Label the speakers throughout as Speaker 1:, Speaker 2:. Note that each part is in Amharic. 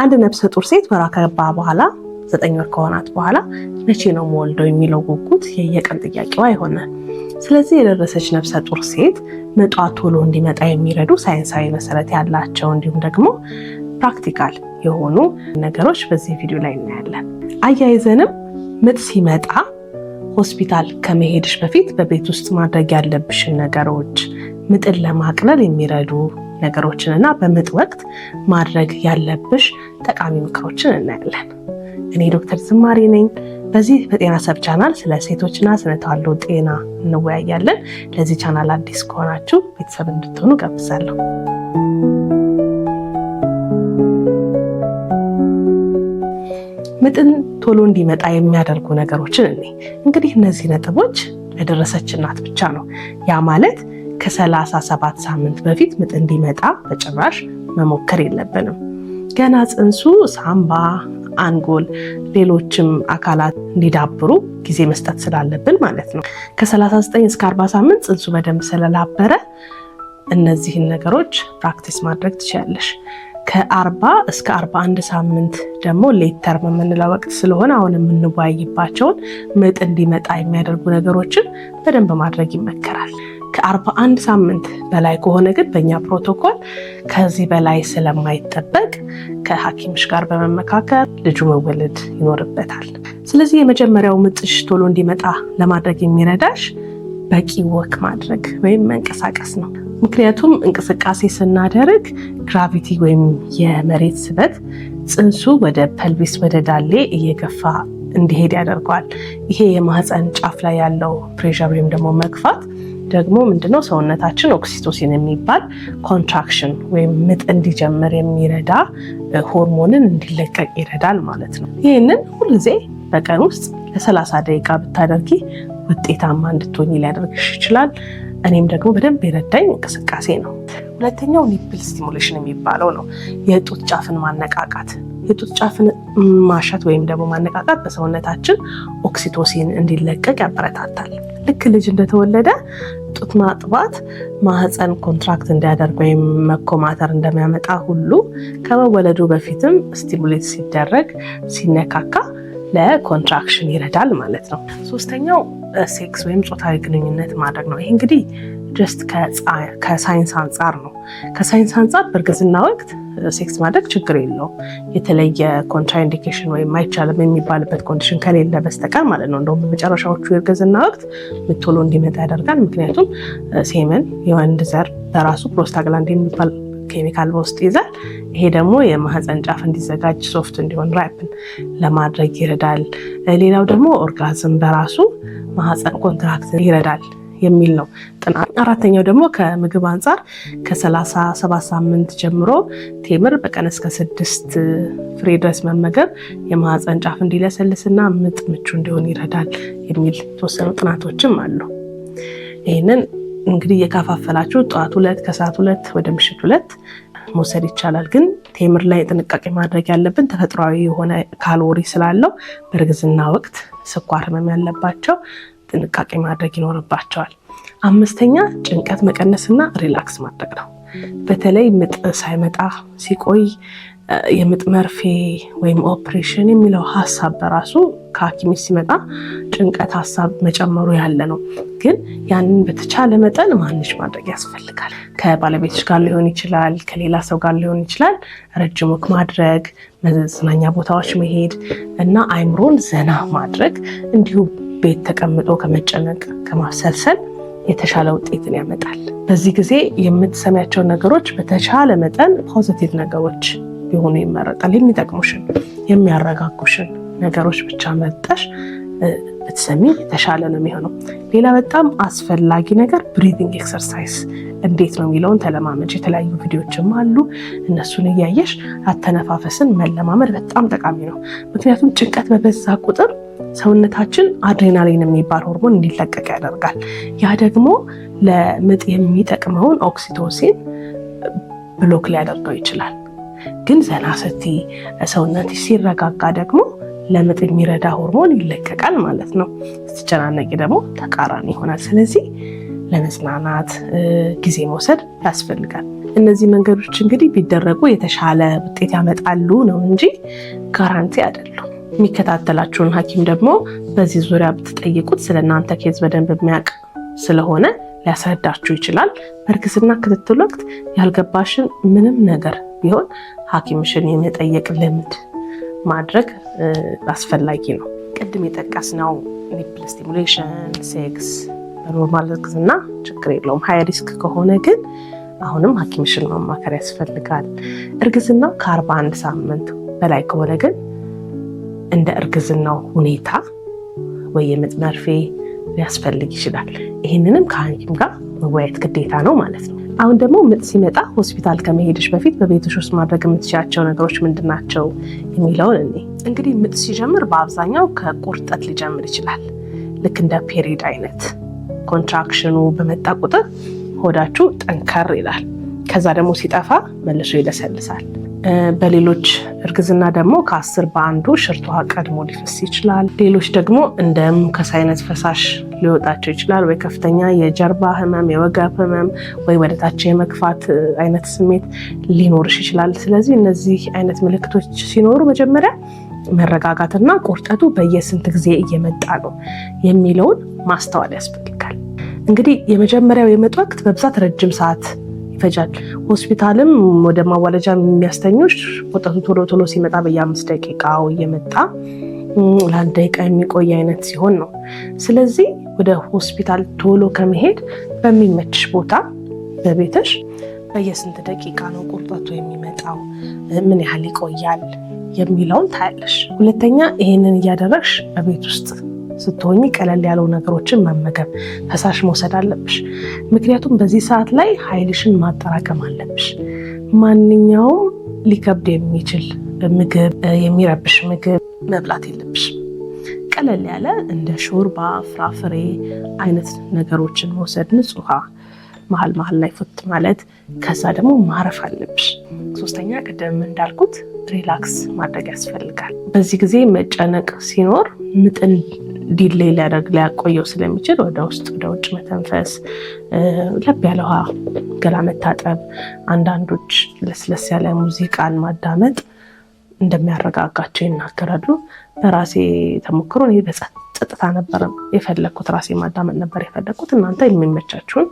Speaker 1: አንድ ነፍሰ ጡር ሴት ወራ ከገባ በኋላ ዘጠኝ ወር ከሆናት በኋላ መቼ ነው መወልደው የሚለው ጉጉት የየቀን ጥያቄዋ የሆነ ስለዚህ የደረሰች ነፍሰ ጡር ሴት ምጧ ቶሎ እንዲመጣ የሚረዱ ሳይንሳዊ መሰረት ያላቸው እንዲሁም ደግሞ ፕራክቲካል የሆኑ ነገሮች በዚህ ቪዲዮ ላይ እናያለን። አያይዘንም ምጥ ሲመጣ ሆስፒታል ከመሄድሽ በፊት በቤት ውስጥ ማድረግ ያለብሽን ነገሮች ምጥን ለማቅለል የሚረዱ ነገሮችን እና በምጥ ወቅት ማድረግ ያለብሽ ጠቃሚ ምክሮችን እናያለን። እኔ ዶክተር ዝማሪ ነኝ። በዚህ በጤና ሰብ ቻናል ስለ ሴቶችና ስለ ተዋልዶ ጤና እንወያያለን። ለዚህ ቻናል አዲስ ከሆናችሁ ቤተሰብ እንድትሆኑ ጋብዛለሁ። ምጥን ቶሎ እንዲመጣ የሚያደርጉ ነገሮችን እኔ እንግዲህ እነዚህ ነጥቦች ለደረሰች እናት ብቻ ነው ያ ማለት ከ37 ሳምንት በፊት ምጥ እንዲመጣ በጭራሽ መሞከር የለብንም። ገና ጽንሱ ሳምባ፣ አንጎል፣ ሌሎችም አካላት እንዲዳብሩ ጊዜ መስጠት ስላለብን ማለት ነው። ከ39 እስከ 40 ሳምንት ጽንሱ በደንብ ስለላበረ እነዚህን ነገሮች ፕራክቲስ ማድረግ ትችላለሽ። ከ40 እስከ አርባ ሳምንት ደግሞ ሌተር በምንለው የምንለው ወቅት ስለሆነ አሁን የምንወያይባቸውን ምጥ እንዲመጣ የሚያደርጉ ነገሮችን በደንብ ማድረግ ይመከራል። ከ41 ሳምንት በላይ ከሆነ ግን በእኛ ፕሮቶኮል ከዚህ በላይ ስለማይጠበቅ ከሐኪምሽ ጋር በመመካከር ልጁ መወለድ ይኖርበታል። ስለዚህ የመጀመሪያው ምጥሽ ቶሎ እንዲመጣ ለማድረግ የሚረዳሽ በቂ ወክ ማድረግ ወይም መንቀሳቀስ ነው። ምክንያቱም እንቅስቃሴ ስናደርግ ግራቪቲ ወይም የመሬት ስበት ጽንሱ ወደ ፐልቪስ ወደ ዳሌ እየገፋ እንዲሄድ ያደርገዋል። ይሄ የማህፀን ጫፍ ላይ ያለው ፕሬር ወይም ደግሞ መግፋት ደግሞ ምንድነው ሰውነታችን ኦክሲቶሲን የሚባል ኮንትራክሽን ወይም ምጥ እንዲጀምር የሚረዳ ሆርሞንን እንዲለቀቅ ይረዳል ማለት ነው። ይህንን ሁልጊዜ በቀን ውስጥ ለሰላሳ ደቂቃ ብታደርጊ ውጤታማ እንድትሆኝ ሊያደርግሽ ይችላል። እኔም ደግሞ በደንብ የረዳኝ እንቅስቃሴ ነው። ሁለተኛው ኒፕል ስቲሙሌሽን የሚባለው ነው፣ የጡት ጫፍን ማነቃቃት የጡት ጫፍን ማሸት ወይም ደግሞ ማነቃቃት በሰውነታችን ኦክሲቶሲን እንዲለቀቅ ያበረታታል። ልክ ልጅ እንደተወለደ ጡት ማጥባት ማህፀን ኮንትራክት እንዲያደርግ ወይም መኮማተር እንደሚያመጣ ሁሉ ከመወለዱ በፊትም ስቲሙሌት ሲደረግ ሲነካካ ለኮንትራክሽን ይረዳል ማለት ነው። ሶስተኛው ሴክስ ወይም ፆታዊ ግንኙነት ማድረግ ነው። ይህ እንግዲህ ጀስት ከሳይንስ አንጻር ነው። ከሳይንስ አንጻር በእርግዝና ወቅት ሴክስ ማድረግ ችግር የለውም። የተለየ ኮንትራኢንዲኬሽን ወይም አይቻልም የሚባልበት ኮንዲሽን ከሌለ በስተቀር ማለት ነው። እንደውም በመጨረሻዎቹ የእርግዝና ወቅት ምቶሎ እንዲመጣ ያደርጋል። ምክንያቱም ሴመን የወንድ ዘር በራሱ ፕሮስታግላንድ የሚባል ኬሚካል በውስጥ ይዛል። ይሄ ደግሞ የማህፀን ጫፍ እንዲዘጋጅ ሶፍት እንዲሆን ራይፕን ለማድረግ ይረዳል። ሌላው ደግሞ ኦርጋዝም በራሱ ማህፀን ኮንትራክት ይረዳል። የሚል ነው ጥናት። አራተኛው ደግሞ ከምግብ አንጻር ከ37 ሳምንት ጀምሮ ቴምር በቀን እስከ ስድስት ፍሬ ድረስ መመገብ የማህፀን ጫፍ እንዲለሰልስና ምጥ ምቹ እንዲሆን ይረዳል የሚል የተወሰኑ ጥናቶችም አሉ። ይህንን እንግዲህ እየካፋፈላችሁ ጠዋት ሁለት ከሰዓት ሁለት ወደ ምሽት ሁለት መውሰድ ይቻላል። ግን ቴምር ላይ ጥንቃቄ ማድረግ ያለብን ተፈጥሯዊ የሆነ ካሎሪ ስላለው በእርግዝና ወቅት ስኳር ህመም ያለባቸው ጥንቃቄ ማድረግ ይኖርባቸዋል። አምስተኛ ጭንቀት መቀነስና ሪላክስ ማድረግ ነው። በተለይ ምጥ ሳይመጣ ሲቆይ የምጥ መርፌ ወይም ኦፕሬሽን የሚለው ሀሳብ በራሱ ከሐኪም ሲመጣ ጭንቀት ሀሳብ መጨመሩ ያለ ነው። ግን ያንን በተቻለ መጠን ማንሽ ማድረግ ያስፈልጋል። ከባለቤቶች ጋር ሊሆን ይችላል፣ ከሌላ ሰው ጋር ሊሆን ይችላል። ረጅም ወክ ማድረግ፣ መዝናኛ ቦታዎች መሄድ እና አይምሮን ዘና ማድረግ እንዲሁም ቤት ተቀምጦ ከመጨነቅ ከማብሰልሰል የተሻለ ውጤትን ያመጣል። በዚህ ጊዜ የምትሰሚያቸው ነገሮች በተሻለ መጠን ፖዘቲቭ ነገሮች ቢሆኑ ይመረጣል። የሚጠቅሙሽን የሚያረጋጉሽን ነገሮች ብቻ መርጠሽ ብትሰሚ የተሻለ ነው የሚሆነው። ሌላ በጣም አስፈላጊ ነገር ብሪዚንግ ኤክሰርሳይዝ እንዴት ነው የሚለውን ተለማመጅ። የተለያዩ ቪዲዎችም አሉ። እነሱን እያየሽ አተነፋፈስን መለማመድ በጣም ጠቃሚ ነው። ምክንያቱም ጭንቀት በበዛ ቁጥር ሰውነታችን አድሬናሊን የሚባል ሆርሞን እንዲለቀቅ ያደርጋል። ያ ደግሞ ለምጥ የሚጠቅመውን ኦክሲቶሲን ብሎክ ሊያደርገው ይችላል። ግን ዘና ስቲ ሰውነት ሲረጋጋ ደግሞ ለምጥ የሚረዳ ሆርሞን ይለቀቃል ማለት ነው። ስትጨናነቂ ደግሞ ተቃራኒ ይሆናል። ስለዚህ ለመዝናናት ጊዜ መውሰድ ያስፈልጋል። እነዚህ መንገዶች እንግዲህ ቢደረጉ የተሻለ ውጤት ያመጣሉ ነው እንጂ ጋራንቲ አይደሉም። የሚከታተላችሁን ሐኪም ደግሞ በዚህ ዙሪያ ብትጠይቁት ስለ እናንተ ኬዝ በደንብ የሚያውቅ ስለሆነ ሊያስረዳችሁ ይችላል። በእርግዝና ክትትል ወቅት ያልገባሽን ምንም ነገር ቢሆን ሐኪምሽን የመጠየቅ ልምድ ማድረግ አስፈላጊ ነው። ቅድም የጠቀስነው ኒፕል ስቲሙሌሽን፣ ሴክስ በኖርማል እርግዝና ችግር የለውም። ሀይ ሪስክ ከሆነ ግን አሁንም ሐኪምሽን ማማከር ያስፈልጋል። እርግዝናው ከ41 ሳምንት በላይ ከሆነ ግን እንደ እርግዝናው ሁኔታ ወይ የምጥ መርፌ ሊያስፈልግ ይችላል። ይህንንም ከሐኪም ጋር መወያየት ግዴታ ነው ማለት ነው። አሁን ደግሞ ምጥ ሲመጣ ሆስፒታል ከመሄድሽ በፊት በቤትሽ ውስጥ ማድረግ የምትችያቸው ነገሮች ምንድን ናቸው የሚለውን እኔ እንግዲህ ምጥ ሲጀምር በአብዛኛው ከቁርጠት ሊጀምር ይችላል። ልክ እንደ ፔሪድ አይነት ኮንትራክሽኑ በመጣ ቁጥር ሆዳችሁ ጠንከር ይላል። ከዛ ደግሞ ሲጠፋ መልሶ ይለሰልሳል። በሌሎች እርግዝና ደግሞ ከአስር በአንዱ ሽርት ውሃ ቀድሞ ሊፈስ ይችላል። ሌሎች ደግሞ እንደ ሙከስ አይነት ፈሳሽ ሊወጣቸው ይችላል። ወይ ከፍተኛ የጀርባ ህመም፣ የወገብ ህመም ወይ ወደታች የመግፋት አይነት ስሜት ሊኖርሽ ይችላል። ስለዚህ እነዚህ አይነት ምልክቶች ሲኖሩ መጀመሪያ መረጋጋትና ቁርጠቱ በየስንት ጊዜ እየመጣ ነው የሚለውን ማስተዋል ያስፈልጋል። እንግዲህ የመጀመሪያው የምጥ ወቅት በብዛት ረጅም ሰዓት ይፈጃል። ሆስፒታልም ወደ ማዋለጃ የሚያስተኞች ወጣቱ ቶሎ ቶሎ ሲመጣ በየአምስት ደቂቃው እየመጣ ለአንድ ደቂቃ የሚቆይ አይነት ሲሆን ነው። ስለዚህ ወደ ሆስፒታል ቶሎ ከመሄድ በሚመች ቦታ በቤትሽ በየስንት ደቂቃ ነው ቁርጠቱ የሚመጣው፣ ምን ያህል ይቆያል የሚለውን ታያለሽ። ሁለተኛ ይህንን እያደረግሽ በቤት ውስጥ ስትሆኝ ቀለል ያለው ነገሮችን መመገብ፣ ፈሳሽ መውሰድ አለብሽ። ምክንያቱም በዚህ ሰዓት ላይ ኃይልሽን ማጠራቀም አለብሽ። ማንኛውም ሊከብድ የሚችል ምግብ፣ የሚረብሽ ምግብ መብላት የለብሽ። ቀለል ያለ እንደ ሾርባ፣ ፍራፍሬ አይነት ነገሮችን መውሰድ፣ ንጹህ ውሃ መሀል መሀል ላይ ፉት ማለት። ከዛ ደግሞ ማረፍ አለብሽ። ሶስተኛ ቅድም እንዳልኩት ሪላክስ ማድረግ ያስፈልጋል። በዚህ ጊዜ መጨነቅ ሲኖር ምጥን ዲሌይ ሊያደርግ ሊያቆየው ስለሚችል ወደ ውስጥ ወደ ውጭ መተንፈስ፣ ለብ ያለ ውሃ፣ ገላ መታጠብ፣ አንዳንዶች ለስለስ ያለ ሙዚቃን ማዳመጥ እንደሚያረጋጋቸው ይናገራሉ። በራሴ ተሞክሮ እኔ በጸጥታ ነበር የፈለግኩት፣ ራሴ ማዳመጥ ነበር የፈለግኩት። እናንተ የሚመቻችሁን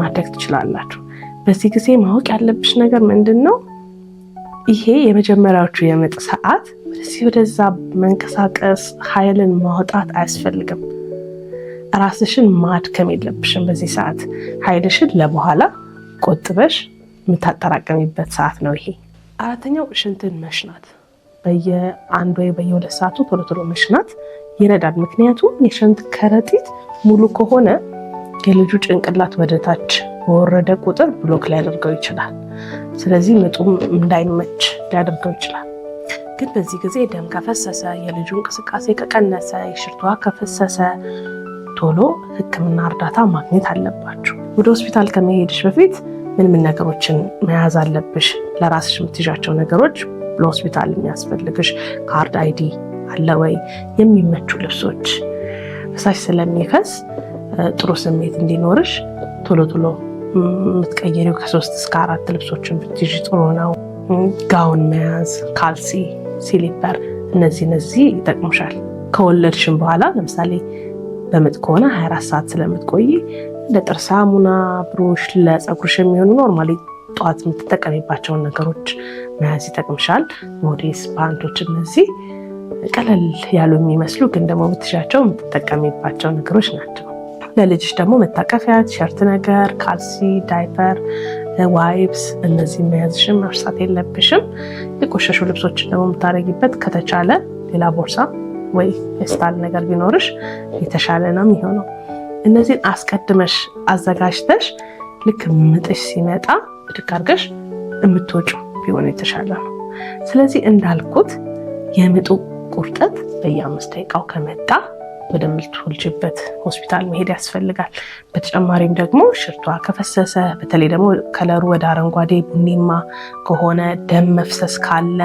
Speaker 1: ማድረግ ትችላላችሁ። በዚህ ጊዜ ማወቅ ያለብሽ ነገር ምንድን ነው? ይሄ የመጀመሪያዎቹ የምጥ ሰዓት እዚህ ወደዛ መንቀሳቀስ ኃይልን ማውጣት አያስፈልግም። ራስሽን ማድከም የለብሽም። በዚህ ሰዓት ኃይልሽን ለበኋላ ቆጥበሽ የምታጠራቀሚበት ሰዓት ነው ይሄ። አራተኛው ሽንትን መሽናት፣ በየአንድ ወይ በየሁለት ሰዓቱ ቶሎ ቶሎ መሽናት ይረዳል። ምክንያቱም የሽንት ከረጢት ሙሉ ከሆነ የልጁ ጭንቅላት ወደታች በወረደ ቁጥር ብሎክ ሊያደርገው ይችላል። ስለዚህ ምጡም እንዳይመች ሊያደርገው ይችላል። ግን በዚህ ጊዜ ደም ከፈሰሰ፣ የልጁ እንቅስቃሴ ከቀነሰ፣ የሽርቷ ከፈሰሰ ቶሎ ህክምና እርዳታ ማግኘት አለባችሁ። ወደ ሆስፒታል ከመሄድሽ በፊት ምን ምን ነገሮችን መያዝ አለብሽ? ለራስሽ የምትይዣቸው ነገሮች ለሆስፒታል የሚያስፈልግሽ ካርድ አይዲ አለ ወይ? የሚመቹ ልብሶች። ፈሳሽ ስለሚፈስ ጥሩ ስሜት እንዲኖርሽ ቶሎ ቶሎ የምትቀየሪው ከሶስት እስከ አራት ልብሶችን ብትይዥ ጥሩ ነው። ጋውን መያዝ፣ ካልሲ ሲሊፐር፣ እነዚህ እነዚህ ይጠቅሙሻል። ከወለድሽም በኋላ ለምሳሌ በምጥ ከሆነ 24 ሰዓት ስለምትቆይ ለጥርስ ሳሙና፣ ብሩሽ፣ ለፀጉርሽ የሚሆኑ ኖርማሊ ጠዋት የምትጠቀሚባቸውን ነገሮች መያዝ ይጠቅምሻል። ሞዴስ፣ ባንዶች፣ እነዚህ ቀለል ያሉ የሚመስሉ ግን ደግሞ ብትሻቸው የምትጠቀሚባቸው ነገሮች ናቸው። ለልጅሽ ደግሞ መታቀፊያ፣ ቲሸርት ነገር፣ ካልሲ፣ ዳይፐር ዋይፕስ እነዚህ መያዝሽም መርሳት የለብሽም። የቆሸሹ ልብሶችን ደግሞ የምታደርጊበት ከተቻለ ሌላ ቦርሳ ወይ ፌስታል ነገር ቢኖርሽ የተሻለ ነው የሚሆነው። እነዚህን አስቀድመሽ አዘጋጅተሽ ልክ ምጥሽ ሲመጣ ብድግ አድርገሽ የምትወጩ ቢሆን የተሻለ ነው። ስለዚህ እንዳልኩት የምጡ ቁርጠት በየአምስት ደቂቃው ከመጣ ወደምትወልጅበት ሆስፒታል መሄድ ያስፈልጋል። በተጨማሪም ደግሞ ሽርቷ ከፈሰሰ በተለይ ደግሞ ከለሩ ወደ አረንጓዴ ቡኒማ ከሆነ ደም መፍሰስ ካለ፣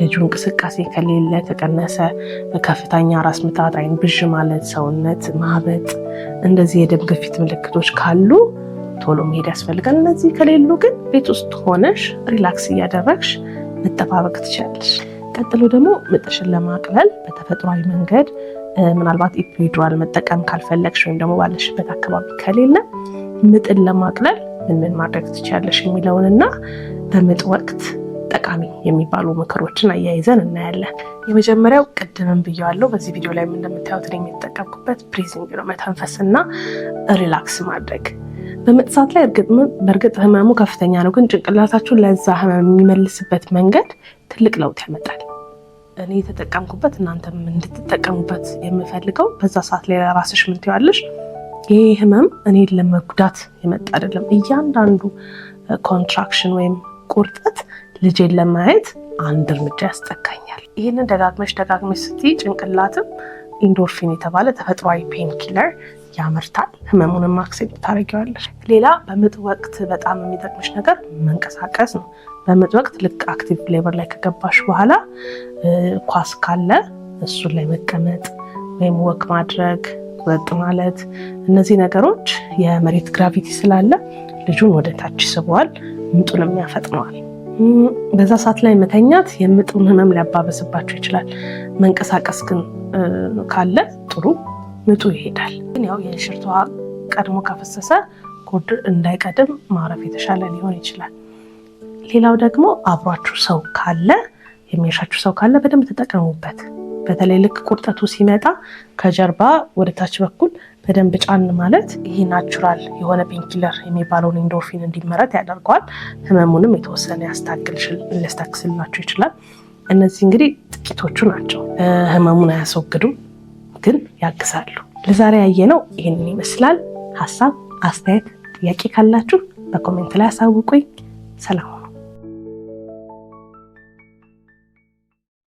Speaker 1: ልጁ እንቅስቃሴ ከሌለ ከቀነሰ፣ ከፍተኛ ራስ ምታት፣ አይን ብዥ ማለት፣ ሰውነት ማበጥ፣ እንደዚህ የደም ግፊት ምልክቶች ካሉ ቶሎ መሄድ ያስፈልጋል። እነዚህ ከሌሉ ግን ቤት ውስጥ ሆነሽ ሪላክስ እያደረግሽ መጠባበቅ ትችላለሽ። ቀጥሎ ደግሞ ምጥሽን ለማቅለል በተፈጥሯዊ መንገድ ምናልባት ኢፒዱራል መጠቀም ካልፈለግሽ ወይም ደግሞ ባለሽበት አካባቢ ከሌለ ምጥን ለማቅለል ምን ምን ማድረግ ትችላለሽ የሚለውንና በምጥ ወቅት ጠቃሚ የሚባሉ ምክሮችን አያይዘን እናያለን። የመጀመሪያው ቅድምም ብየዋለሁ፣ በዚህ ቪዲዮ ላይ እንደምታዩት የሚጠቀምኩበት ፕሪዚንግ ነው፣ መተንፈስና ሪላክስ ማድረግ በምጥ ሰዓት ላይ በእርግጥ ህመሙ ከፍተኛ ነው፣ ግን ጭንቅላታችሁን ለዛ ህመም የሚመልስበት መንገድ ትልቅ ለውጥ ያመጣል። እኔ የተጠቀምኩበት እናንተም እንድትጠቀሙበት የምፈልገው በዛ ሰዓት ላይ ለራስሽ ምን ትያለሽ? ይሄ ህመም እኔን ለመጉዳት የመጣ አይደለም። እያንዳንዱ ኮንትራክሽን ወይም ቁርጠት ልጄን ለማየት አንድ እርምጃ ያስጠጋኛል። ይህንን ደጋግመሽ ደጋግመሽ ስትይ ጭንቅላትም ኢንዶርፊን የተባለ ተፈጥሯዊ ፔን ኪለር ያመርታል። ህመሙንም አክሴፕት ታደርጊዋለሽ። ሌላ በምጥ ወቅት በጣም የሚጠቅምሽ ነገር መንቀሳቀስ ነው። በምጥ ወቅት ልክ አክቲቭ ሌበር ላይ ከገባሽ በኋላ ኳስ ካለ እሱን ላይ መቀመጥ ወይም ወቅ ማድረግ ወጥ ማለት እነዚህ ነገሮች የመሬት ግራቪቲ ስላለ ልጁን ወደ ታች ይስበዋል፣ ምጡንም ያፈጥነዋል። በዛ ሰዓት ላይ መተኛት የምጡን ህመም ሊያባበስባቸው ይችላል። መንቀሳቀስ ግን ካለ ጥሩ ምጡ ይሄዳል። ግን ያው የሽርቷ ቀድሞ ከፈሰሰ እንዳይቀድም ማረፍ የተሻለ ሊሆን ይችላል። ሌላው ደግሞ አብሯችሁ ሰው ካለ የሚያሻችሁ ሰው ካለ በደንብ ተጠቀሙበት። በተለይ ልክ ቁርጠቱ ሲመጣ ከጀርባ ወደ ታች በኩል በደንብ ጫን ማለት ይህ ናቹራል የሆነ ፔንኪለር የሚባለውን ኢንዶርፊን እንዲመረት ያደርገዋል። ህመሙንም የተወሰነ ሊያስታክስላችሁ ይችላል። እነዚህ እንግዲህ ጥቂቶቹ ናቸው። ህመሙን አያስወግዱም፣ ግን ያግዛሉ። ለዛሬ ያየነው ይህንን ይመስላል። ሀሳብ፣ አስተያየት፣ ጥያቄ ካላችሁ በኮሜንት ላይ አሳውቁኝ። ሰላም